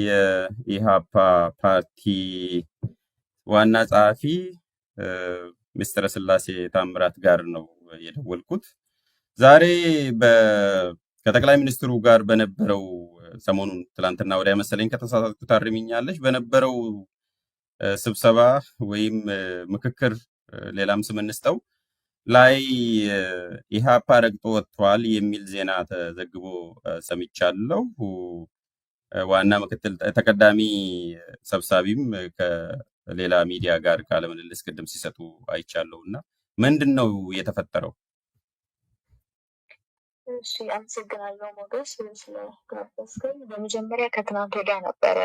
የኢሃፓ ፓርቲ ዋና ጸሐፊ ምስጢረ ስላሴ ታምራት ጋር ነው የደወልኩት። ዛሬ ከጠቅላይ ሚኒስትሩ ጋር በነበረው ሰሞኑን ትላንትና ወዲያ መሰለኝ ከተሳሳትኩ ታርሚኛለሽ፣ በነበረው ስብሰባ ወይም ምክክር ሌላም ስም እንስጠው ላይ ኢሃፓ ረግጦ ወጥቷል የሚል ዜና ተዘግቦ ሰምቻለሁ። ዋና ምክትል ተቀዳሚ ሰብሳቢም ከሌላ ሚዲያ ጋር ቃለ ምልልስ ቅድም ሲሰጡ አይቻለሁ እና ምንድን ነው የተፈጠረው? እሺ አመሰግናለሁ ሞገስ ስለጋበዝከኝ። በመጀመሪያ ከትናንት ወዲያ ነበረ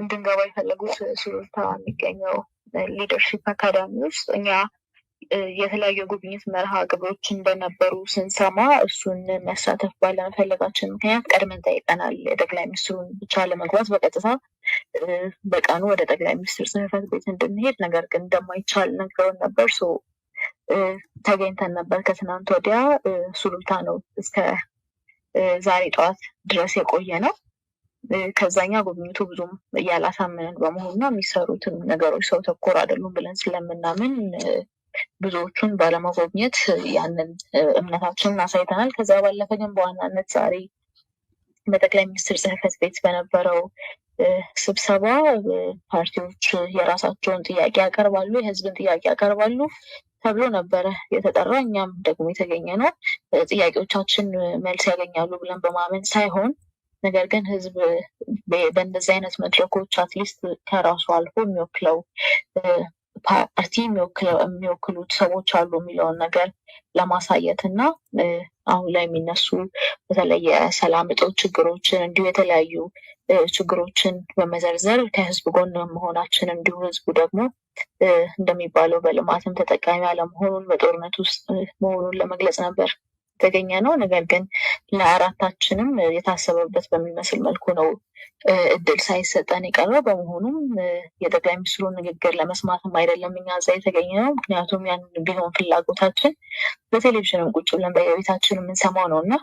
እንድንገባ የፈለጉት ሱሉልታ የሚገኘው ሊደርሺፕ አካዳሚ ውስጥ እኛ የተለያዩ የጉብኝት መርሃ ግብሮች እንደነበሩ ስንሰማ እሱን መሳተፍ ባለመፈለጋችን ምክንያት ቀድመን ጠይቀናል። ጠቅላይ ሚኒስትሩን ብቻ ለመግባት በቀጥታ በቀኑ ወደ ጠቅላይ ሚኒስትር ጽህፈት ቤት እንድንሄድ ነገር ግን እንደማይቻል ነግረውን ነበር። ተገኝተን ነበር። ከትናንት ወዲያ ሱሉልታ ነው እስከ ዛሬ ጠዋት ድረስ የቆየ ነው። ከዛኛ ጉብኝቱ ብዙም እያላሳምንን በመሆኑና የሚሰሩትም ነገሮች ሰው ተኮር አይደሉም ብለን ስለምናምን ብዙዎቹን ባለመጎብኘት ያንን እምነታችንን አሳይተናል። ከዛ ባለፈ ግን በዋናነት ዛሬ በጠቅላይ ሚኒስትር ጽህፈት ቤት በነበረው ስብሰባ ፓርቲዎች የራሳቸውን ጥያቄ ያቀርባሉ፣ የህዝብን ጥያቄ ያቀርባሉ ተብሎ ነበረ የተጠራ። እኛም ደግሞ የተገኘ ነው ጥያቄዎቻችን መልስ ያገኛሉ ብለን በማመን ሳይሆን ነገር ግን ህዝብ በእንደዚህ አይነት መድረኮች አትሊስት ከራሱ አልፎ የሚወክለው ፓርቲ የሚወክሉት ሰዎች አሉ የሚለውን ነገር ለማሳየት እና አሁን ላይ የሚነሱ በተለይ የሰላም እጦት ችግሮችን እንዲሁ የተለያዩ ችግሮችን በመዘርዘር ከህዝብ ጎን መሆናችን እንዲሁ ህዝቡ ደግሞ እንደሚባለው በልማትም ተጠቃሚ አለመሆኑን በጦርነት ውስጥ መሆኑን ለመግለጽ ነበር። የተገኘ ነው። ነገር ግን ለአራታችንም የታሰበበት በሚመስል መልኩ ነው እድል ሳይሰጠን የቀረው። በመሆኑም የጠቅላይ ሚኒስትሩን ንግግር ለመስማትም አይደለም እኛ እዛ የተገኘ ነው። ምክንያቱም ያን ቢሆን ፍላጎታችን በቴሌቪዥንም ቁጭ ብለን በየቤታችን የምንሰማው ነው እና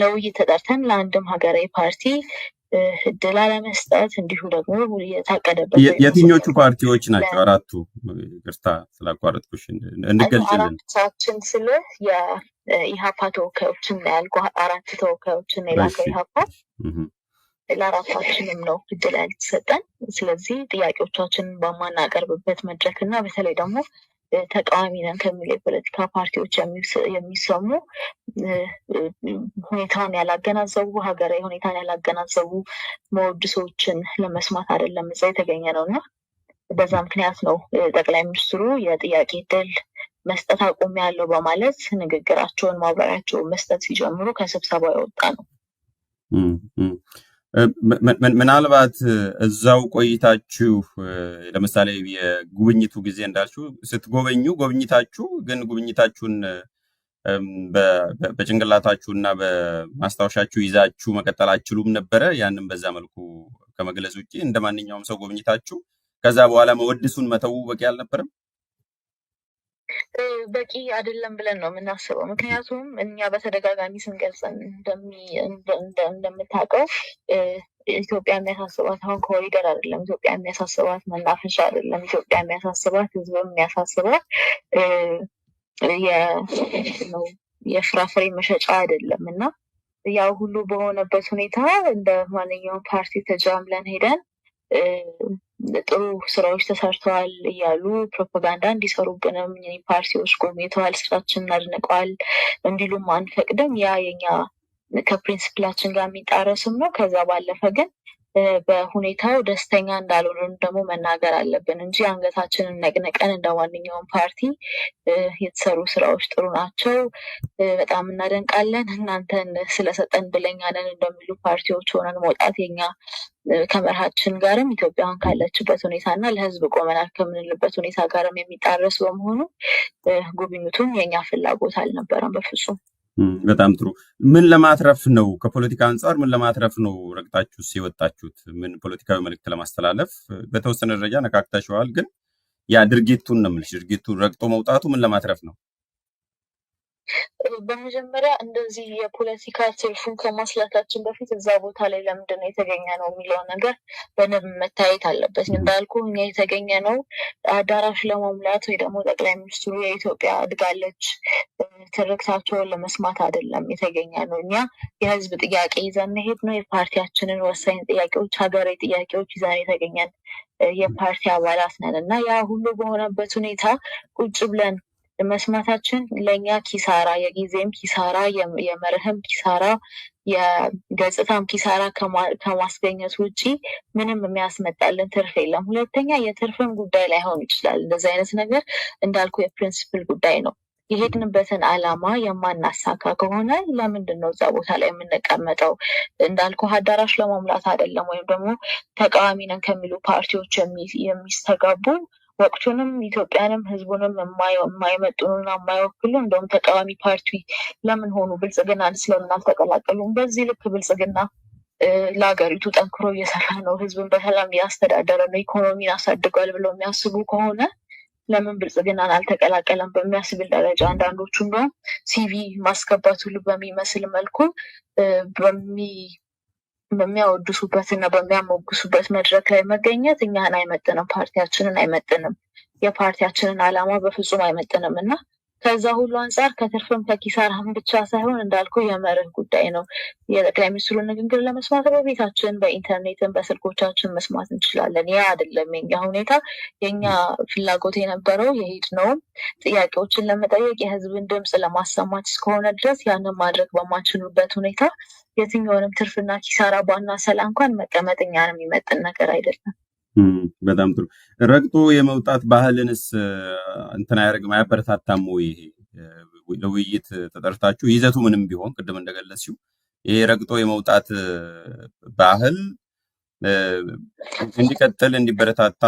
ለውይይት ተጠርተን ለአንድም ሀገራዊ ፓርቲ እድል አለመስጠት እንዲሁም ደግሞ የታቀደበት የትኞቹ ፓርቲዎች ናቸው? አራቱ ግርታ ስላቋረጥኩሽ እንድገልጭልን። አራቶቻችን ስለ የኢሀፓ ተወካዮችን ያልኩ አራት ተወካዮችን የላከው ኢሀፓ ለአራታችንም ነው እድል ያልተሰጠን። ስለዚህ ጥያቄዎቻችንን በማናቀርብበት መድረክ እና በተለይ ደግሞ ተቃዋሚ ነን ከሚሉ የፖለቲካ ፓርቲዎች የሚሰሙ ሁኔታን ያላገናዘቡ ሀገራዊ ሁኔታን ያላገናዘቡ መወድሶችን ለመስማት አይደለም እዛ የተገኘ ነው እና በዛ ምክንያት ነው ጠቅላይ ሚኒስትሩ የጥያቄ ድል መስጠት አቁም ያለው በማለት ንግግራቸውን ማብራሪያቸውን መስጠት ሲጀምሩ ከስብሰባው የወጣ ነው። ምናልባት እዛው ቆይታችሁ ለምሳሌ የጉብኝቱ ጊዜ እንዳልችሁ ስትጎበኙ ጎብኝታችሁ ግን ጉብኝታችሁን በጭንቅላታችሁ እና በማስታወሻችሁ ይዛችሁ መቀጠል አችሉም ነበረ። ያንም በዛ መልኩ ከመግለጽ ውጭ እንደ ማንኛውም ሰው ጎብኝታችሁ ከዛ በኋላ መወድሱን መተው በቂ አልነበረም። በቂ አይደለም ብለን ነው የምናስበው። ምክንያቱም እኛ በተደጋጋሚ ስንገልጽ እንደምታውቀው ኢትዮጵያ የሚያሳስባት አሁን ኮሪደር አይደለም። ኢትዮጵያ የሚያሳስባት መናፈሻ አይደለም። ኢትዮጵያ የሚያሳስባት ህዝብ የሚያሳስባት የፍራፍሬ መሸጫ አይደለም እና ያው ሁሉ በሆነበት ሁኔታ እንደ ማንኛውም ፓርቲ ተጃምለን ሄደን ጥሩ ስራዎች ተሰርተዋል እያሉ ፕሮፓጋንዳ እንዲሰሩብንም ፓርቲዎች ጎብኝተዋል፣ ስራችንን አድንቀዋል እንዲሉም አንፈቅድም። ያ የኛ ከፕሪንስፕላችን ጋር የሚጣረስም ነው። ከዛ ባለፈ ግን በሁኔታው ደስተኛ እንዳልሆነ ደግሞ መናገር አለብን እንጂ አንገታችንን ነቅነቀን እንደ ማንኛውም ፓርቲ የተሰሩ ስራዎች ጥሩ ናቸው፣ በጣም እናደንቃለን፣ እናንተን ስለሰጠን ብለኛለን እንደሚሉ ፓርቲዎች ሆነን መውጣት የኛ ከመርሃችን ጋርም ኢትዮጵያን ካለችበት ሁኔታ እና ለህዝብ ቆመናል ከምንልበት ሁኔታ ጋርም የሚጣረስ በመሆኑ ጉብኝቱም የኛ ፍላጎት አልነበረም በፍጹም። በጣም ጥሩ። ምን ለማትረፍ ነው? ከፖለቲካ አንጻር ምን ለማትረፍ ነው ረግጣችሁ የወጣችሁት? ምን ፖለቲካዊ መልእክት ለማስተላለፍ በተወሰነ ደረጃ ነካክታችኋል፣ ግን ያ ድርጊቱን ነው የምልሽ። ድርጊቱ ረግጦ መውጣቱ ምን ለማትረፍ ነው? በመጀመሪያ እንደዚህ የፖለቲካ ትርፉን ከማስላታችን በፊት እዛ ቦታ ላይ ለምንድን ነው የተገኘ ነው የሚለው ነገር በንብ መታየት አለበት። እንዳልኩ እኛ የተገኘ ነው አዳራሽ ለመሙላት ወይ ደግሞ ጠቅላይ ሚኒስትሩ የኢትዮጵያ አድጋለች ትርክታቸውን ለመስማት አይደለም የተገኘ ነው። እኛ የህዝብ ጥያቄ ይዘን መሄድ ነው። የፓርቲያችንን ወሳኝ ጥያቄዎች፣ ሀገራዊ ጥያቄዎች ይዘን የተገኘን የፓርቲ አባላት ነን እና ያ ሁሉ በሆነበት ሁኔታ ቁጭ ብለን መስማታችን ለእኛ ኪሳራ፣ የጊዜም ኪሳራ፣ የመርህም ኪሳራ፣ የገጽታም ኪሳራ ከማስገኘት ውጭ ምንም የሚያስመጣልን ትርፍ የለም። ሁለተኛ የትርፍም ጉዳይ ላይሆን ይችላል። እንደዚህ አይነት ነገር እንዳልኩ የፕሪንስፕል ጉዳይ ነው። የሄድንበትን ዓላማ የማናሳካ ከሆነ ለምንድን ነው እዛ ቦታ ላይ የምንቀመጠው? እንዳልኩ አዳራሽ ለመሙላት አይደለም፣ ወይም ደግሞ ተቃዋሚ ነን ከሚሉ ፓርቲዎች የሚስተጋቡ ወቅቱንም ኢትዮጵያንም ህዝቡንም የማይመጡና የማይወክሉ እንደውም ተቃዋሚ ፓርቲ ለምን ሆኑ? ብልጽግናን ስለምን አልተቀላቀሉም? በዚህ ልክ ብልጽግና ለሀገሪቱ ጠንክሮ እየሰራ ነው፣ ህዝብን በሰላም እያስተዳደረ ነው፣ ኢኮኖሚን አሳድጓል ብለው የሚያስቡ ከሆነ ለምን ብልጽግናን አልተቀላቀለም በሚያስብል ደረጃ አንዳንዶቹ እንደውም ሲቪ ማስገባት ሁሉ በሚመስል መልኩ በሚ በሚያወድሱበት እና በሚያሞግሱበት መድረክ ላይ መገኘት እኛን አይመጥንም፣ ፓርቲያችንን አይመጥንም፣ የፓርቲያችንን ዓላማ በፍጹም አይመጥንም እና ከዛ ሁሉ አንጻር ከትርፍም ከኪሳራም ብቻ ሳይሆን እንዳልኩ የመርህ ጉዳይ ነው። የጠቅላይ ሚኒስትሩ ንግግር ለመስማት በቤታችን በኢንተርኔትን በስልኮቻችን መስማት እንችላለን። ያ አይደለም የኛ ሁኔታ። የኛ ፍላጎት የነበረው የሄድ ነው ጥያቄዎችን ለመጠየቅ የህዝብን ድምፅ ለማሰማት እስከሆነ ድረስ ያንን ማድረግ በማንችሉበት ሁኔታ የትኛውንም ትርፍና ኪሳራ ባና ሰላ እንኳን መቀመጥ እኛን የሚመጥን ነገር አይደለም። በጣም ጥሩ። ረግጦ የመውጣት ባህልንስ እንትን አያደርግም አያበረታታም ወይ? ይሄ ለውይይት ተጠርታችሁ ይዘቱ ምንም ቢሆን ቅድም እንደገለጽሽው ይሄ ረግጦ የመውጣት ባህል እንዲቀጥል እንዲበረታታ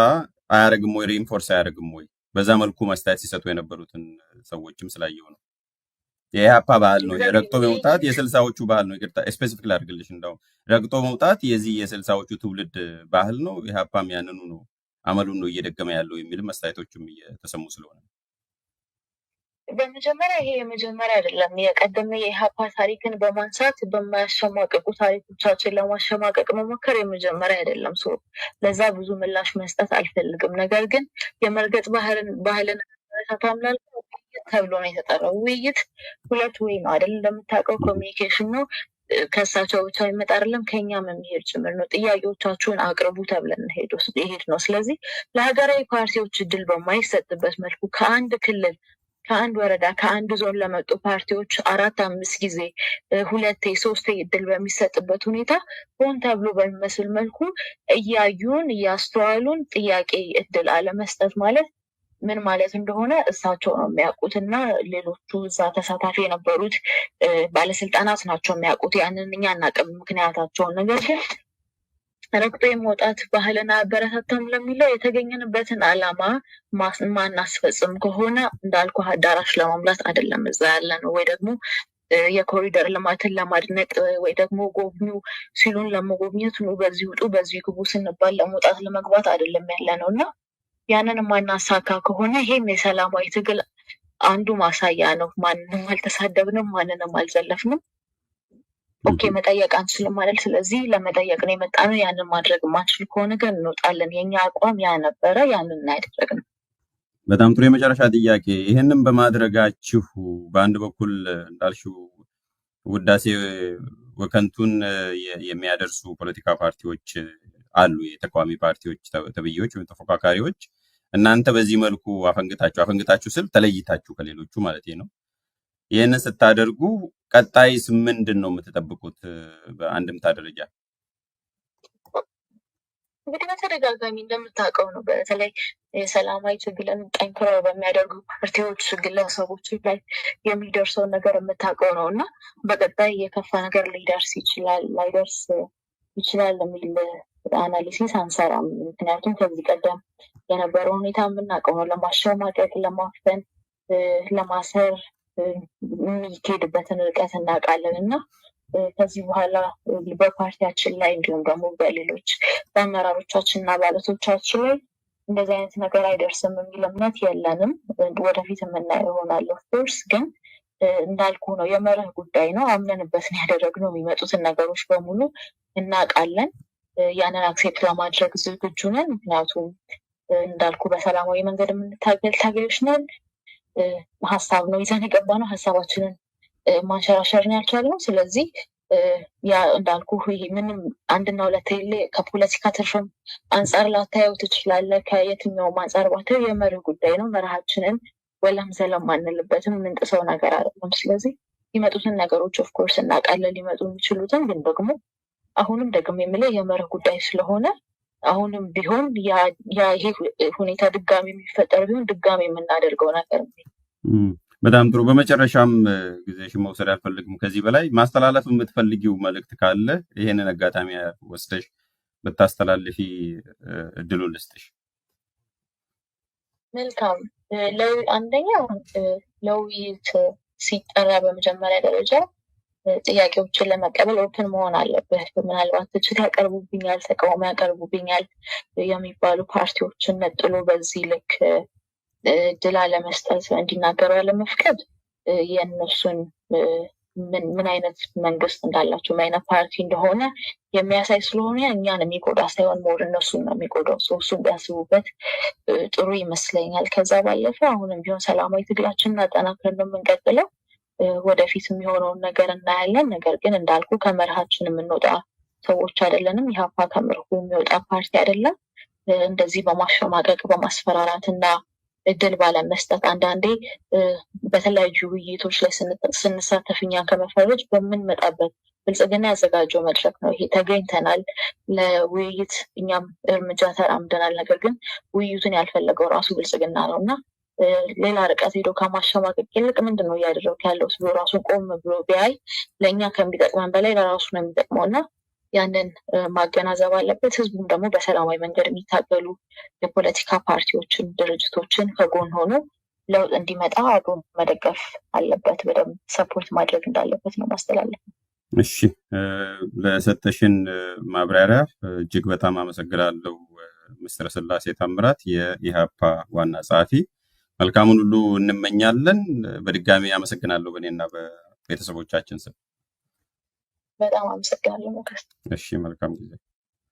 አያደርግም ወይ? ሪኢንፎርስ አያደርግም ወይ? በዛ መልኩ ማስተያየት ሲሰጡ የነበሩትን ሰዎችም ስላየው ነው። የኢህአፓ ባህል ነው። የረግጦ መውጣት የስልሳዎቹ ባህል ነው። ይቅርታ ስፔሲፊክ ላድርግልሽ። እንደውም ረግጦ መውጣት የዚህ የስልሳዎቹ ትውልድ ባህል ነው። ኢህአፓም ያንኑ ነው አመሉን ነው እየደገመ ያለው የሚልም አስተያየቶችም እየተሰሙ ስለሆነ በመጀመሪያ ይሄ የመጀመሪያ አይደለም። የቀደመ የኢህአፓ ታሪክን በማንሳት በማያሸማቀቁ ታሪኮቻችን ለማሸማቀቅ መሞከር የመጀመሪያ አይደለም። ሰው ለዛ ብዙ ምላሽ መስጠት አልፈልግም። ነገር ግን የመርገጥ ባህልን ባህልን ሳታምናል ተብሎ ነው የተጠራው። ውይይት ሁለት ወይ ነው አይደለም? እንደምታውቀው ኮሚኒኬሽን ነው። ከእሳቸው ብቻ የሚመጣ አይደለም፣ ከኛም የሚሄድ ጭምር ነው። ጥያቄዎቻችሁን አቅርቡ ተብለን ሄድ ነው። ስለዚህ ለሀገራዊ ፓርቲዎች እድል በማይሰጥበት መልኩ ከአንድ ክልል ከአንድ ወረዳ ከአንድ ዞን ለመጡ ፓርቲዎች አራት አምስት ጊዜ ሁለቴ ሶስቴ እድል በሚሰጥበት ሁኔታ ሆን ተብሎ በሚመስል መልኩ እያዩን እያስተዋሉን ጥያቄ እድል አለመስጠት ማለት ምን ማለት እንደሆነ እሳቸው ነው የሚያውቁት እና ሌሎቹ እዛ ተሳታፊ የነበሩት ባለስልጣናት ናቸው የሚያውቁት። ያንን እኛ አናውቅም ምክንያታቸውን። ነገር ግን ረግጦ የመውጣት ባህልን አያበረታታም ለሚለው የተገኘንበትን አላማ ማናስፈጽም ከሆነ እንዳልኩ አዳራሽ ለማምላት አይደለም እዛ ያለ ነው ወይ ደግሞ የኮሪደር ልማትን ለማድነቅ ወይ ደግሞ ጎብኙ ሲሉን ለመጎብኘት ኑ፣ በዚህ ውጡ፣ በዚህ ግቡ ስንባል ለመውጣት ለመግባት አይደለም ያለ ነው እና ያንን የማናሳካ ከሆነ ይሄም የሰላማዊ ትግል አንዱ ማሳያ ነው። ማንንም አልተሳደብንም፣ ማንንም አልዘለፍንም። ኦኬ መጠየቅ አንችልም አይደል? ስለዚህ ለመጠየቅ ነው የመጣ ነው። ያንን ማድረግ ማንችል ከሆነ ግን እንወጣለን። የኛ አቋም ያ ነበረ። ያንን ያደረግ ነው። በጣም ጥሩ። የመጨረሻ ጥያቄ ይህንም በማድረጋችሁ በአንድ በኩል እንዳልሽው ውዳሴ ወከንቱን የሚያደርሱ ፖለቲካ ፓርቲዎች አሉ፣ የተቃዋሚ ፓርቲዎች ተብዬዎች ወይም ተፎካካሪዎች እናንተ በዚህ መልኩ አፈንግታችሁ አፈንግታችሁ ስል ተለይታችሁ ከሌሎቹ ማለት ነው። ይህንን ስታደርጉ ቀጣይስ ምንድን ነው የምትጠብቁት? በአንድምታ ደረጃ እንግዲህ በተደጋጋሚ እንደምታውቀው ነው። በተለይ የሰላማዊ ትግልን ጠንክረው በሚያደርጉ ፓርቲዎች፣ ግለሰቦች ላይ የሚደርሰውን ነገር የምታውቀው ነው እና በቀጣይ የከፋ ነገር ሊደርስ ይችላል ላይደርስ ይችላል የሚል አናሊሲስ አንሰራም። ምክንያቱም ከዚህ ቀደም የነበረው ሁኔታ የምናውቀው ነው። ለማሸማቀቅ፣ ለማፈን፣ ለማሰር የሚካሄድበትን ርቀት እናውቃለን እና ከዚህ በኋላ በፓርቲያችን ላይ እንዲሁም ደግሞ በሌሎች በአመራሮቻችን እና ባለቶቻችን ላይ እንደዚህ አይነት ነገር አይደርስም የሚል እምነት የለንም። ወደፊት የምናየው ይሆናል። ኦፍኮርስ ግን እንዳልኩ ነው፣ የመርህ ጉዳይ ነው። አምነንበት ያደረግነው የሚመጡትን ነገሮች በሙሉ እናውቃለን። ያንን አክሴፕት ለማድረግ ዝግጁ ነን። ምክንያቱም እንዳልኩ በሰላማዊ መንገድ የምንታገል ታጋዮች ነን። ሀሳብ ነው ይዘን የገባ ነው። ሀሳባችንን ማንሸራሸርን ያልቻልነው። ስለዚህ ያ እንዳልኩ ይሄ ምንም አንድና ሁለት የለ። ከፖለቲካ ትርፍም አንጻር ላታየው ትችላለህ። ከየትኛውም አንጻር ባታየው የመርህ ጉዳይ ነው። መርሃችንን ወለም ዘለም አንልበትም። የምንጥሰው ነገር አይደለም። ስለዚህ ሊመጡትን ነገሮች ኦፍኮርስ እናውቃለን፣ ሊመጡ የሚችሉትን ግን ደግሞ አሁንም ደግሞ የምለው የመርህ ጉዳይ ስለሆነ አሁንም ቢሆን ይሄ ሁኔታ ድጋሚ የሚፈጠር ቢሆን ድጋሚ የምናደርገው ነገር በጣም ጥሩ። በመጨረሻም ጊዜሽን መውሰድ አልፈልግም። ከዚህ በላይ ማስተላለፍ የምትፈልጊው መልእክት ካለ ይሄንን አጋጣሚ ወስደሽ ብታስተላልፊ እድሉ ልስጥሽ። መልካም። አንደኛው ለውይይት ሲጠራ በመጀመሪያ ደረጃ ጥያቄዎችን ለመቀበል ኦፕን መሆን አለብህ። ምናልባት ትችት ያቀርቡብኛል፣ ተቃውሞ ያቀርቡብኛል የሚባሉ ፓርቲዎችን ነጥሎ በዚህ ልክ ድላ ለመስጠት እንዲናገሩ ያለመፍቀድ የእነሱን ምን አይነት መንግስት እንዳላቸው ምን አይነት ፓርቲ እንደሆነ የሚያሳይ ስለሆነ እኛን የሚጎዳ ሳይሆን ሞር እነሱ ነው የሚጎዳው። እሱን ቢያስቡበት ጥሩ ይመስለኛል። ከዛ ባለፈ አሁንም ቢሆን ሰላማዊ ትግላችንን አጠናክረን ነው የምንቀጥለው። ወደፊት የሚሆነውን ነገር እናያለን። ነገር ግን እንዳልኩ ከመርሃችን የምንወጣ ሰዎች አይደለንም። ኢህአፓ ከመርሁ የሚወጣ ፓርቲ አይደለም። እንደዚህ በማሸማቀቅ በማስፈራራት እና እድል ባለመስጠት አንዳንዴ በተለያዩ ውይይቶች ላይ ስንሳተፍ እኛን ከመፈረጅ በምንመጣበት ብልጽግና ያዘጋጀው መድረክ ነው ይሄ። ተገኝተናል፣ ለውይይት እኛም እርምጃ ተራምደናል። ነገር ግን ውይይቱን ያልፈለገው ራሱ ብልጽግና ነው እና ሌላ ርቀት ሄዶ ከማሸማቀቅ ይልቅ ምንድን ነው እያደረግ ያለው ብሎ ራሱን ቆም ብሎ ቢያይ ለእኛ ከሚጠቅመን በላይ ለራሱ ነው የሚጠቅመው እና ያንን ማገናዘብ አለበት። ህዝቡም ደግሞ በሰላማዊ መንገድ የሚታገሉ የፖለቲካ ፓርቲዎችን፣ ድርጅቶችን ከጎን ሆኖ ለውጥ እንዲመጣ አብሮ መደገፍ አለበት። በደንብ ሰፖርት ማድረግ እንዳለበት ነው ማስተላለፍ። እሺ፣ ለሰጠሽን ማብራሪያ እጅግ በጣም አመሰግናለሁ። ምስረ ስላሴ ታምራት የኢህአፓ ዋና ጸሐፊ መልካሙን ሁሉ እንመኛለን። በድጋሚ አመሰግናለሁ በእኔና በቤተሰቦቻችን ስም በጣም አመሰግናለሁ። እሺ መልካም ጊዜ